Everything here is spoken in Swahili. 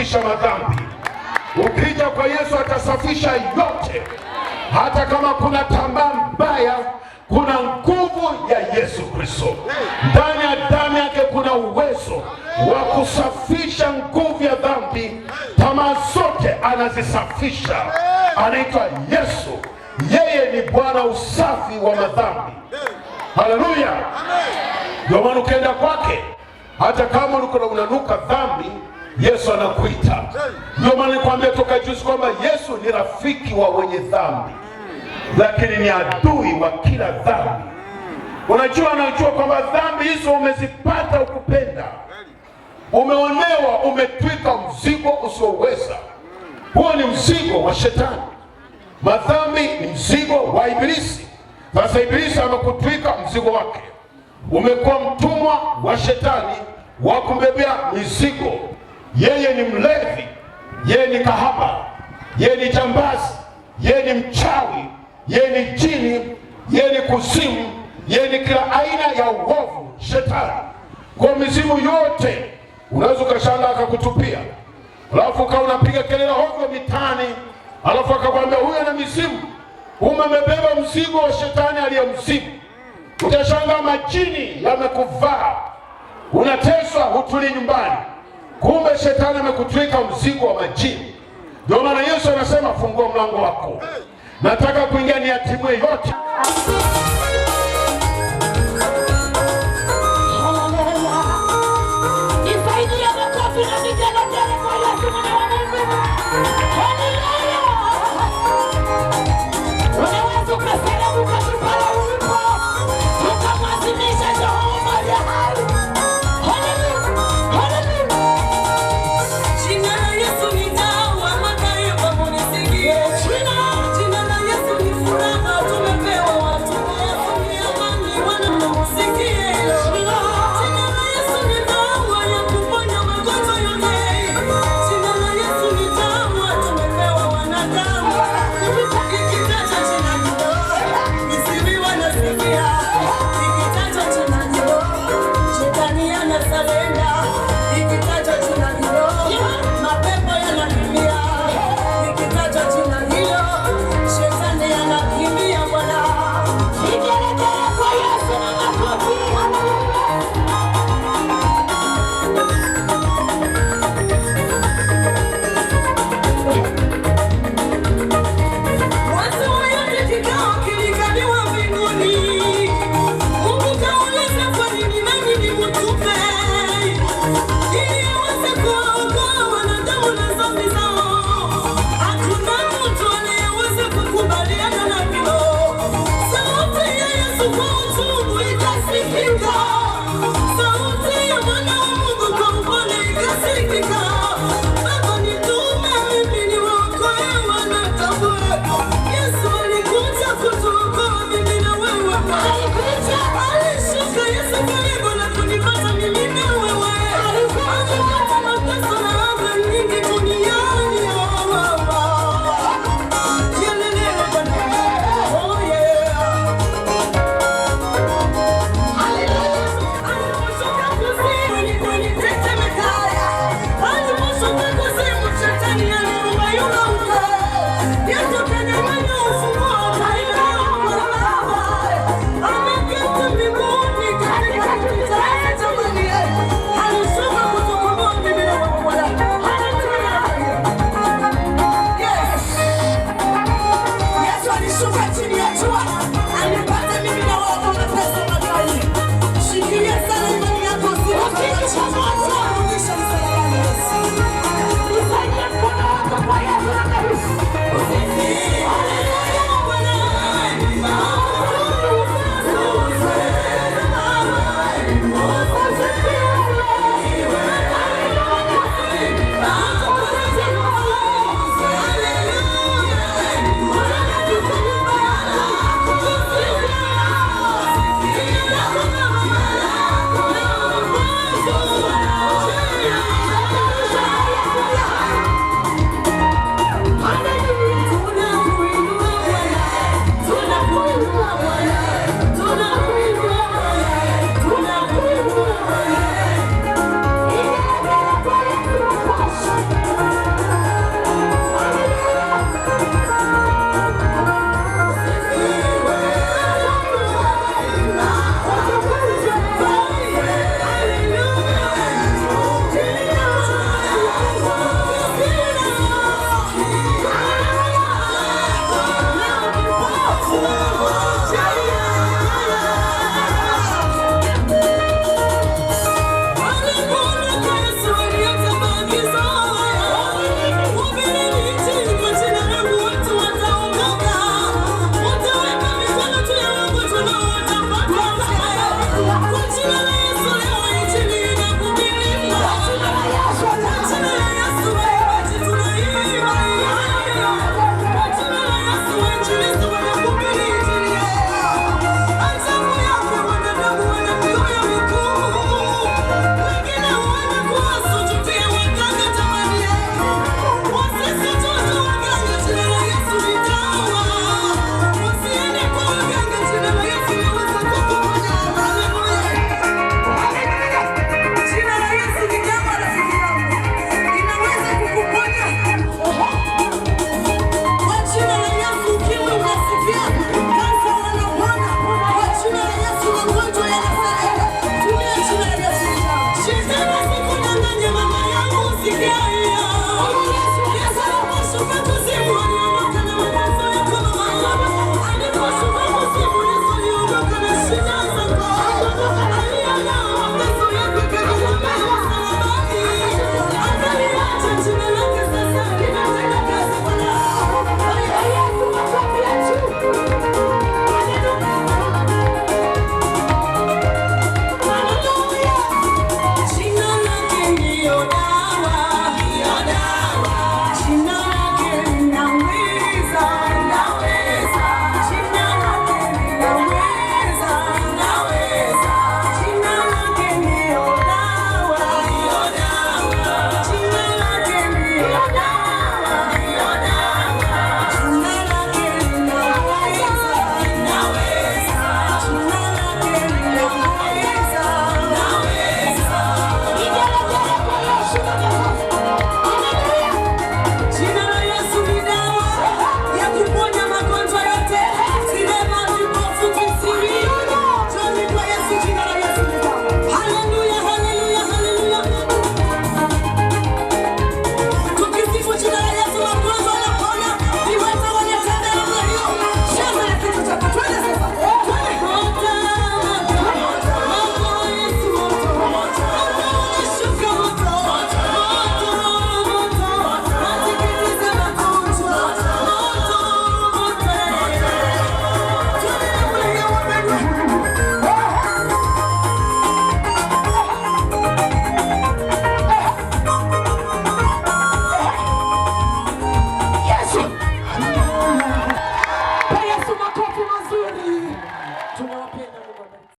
atasafisha madhambi. Ukija kwa Yesu atasafisha yote, hata kama kuna tambaa mbaya, kuna nguvu ya Yesu Kristo ndani ya damu yake, kuna uwezo wa kusafisha nguvu ya dhambi, tamaa zote anazisafisha. Anaitwa Yesu, yeye ni Bwana usafi wa madhambi. Haleluya! Ndio maana ukienda kwake, hata kama ulikuwa unanuka dhambi Yesu anakuita. Ndio maana nikwambia toka juzi kwamba Yesu ni rafiki wa wenye dhambi, lakini ni adui wa kila dhambi. Unajua, anajua kwamba dhambi hizo umezipata ukupenda, umeonewa, umetwika mzigo usioweza. Huo ni mzigo wa Shetani. Madhambi ni mzigo wa Ibilisi. Sasa Ibilisi amekutwika mzigo wake, umekuwa mtumwa wa Shetani wa kumbebea mizigo yeye ni mlevi, yeye ni kahaba, yeye ni jambazi, yeye ni mchawi, yeye ni jini, yeye ni kuzimu, yeye ni kila aina ya uovu, shetani. Kwa mizimu yote unaweza ukashanga akakutupia, alafu ukawa unapiga kelele hovyo mitaani, alafu akakwambia huyu ana mizimu. Ume amebeba mzigo wa shetani aliyemsibu. utashanga majini yamekuvaa, unateswa, hutuli nyumbani. Kumbe shetani amekutwika mzigo wa majini. Ndio maana Yesu anasema fungua mlango wako, nataka kuingia ni atimwe yote. Sauti ya mwanaume resurrected yet twice.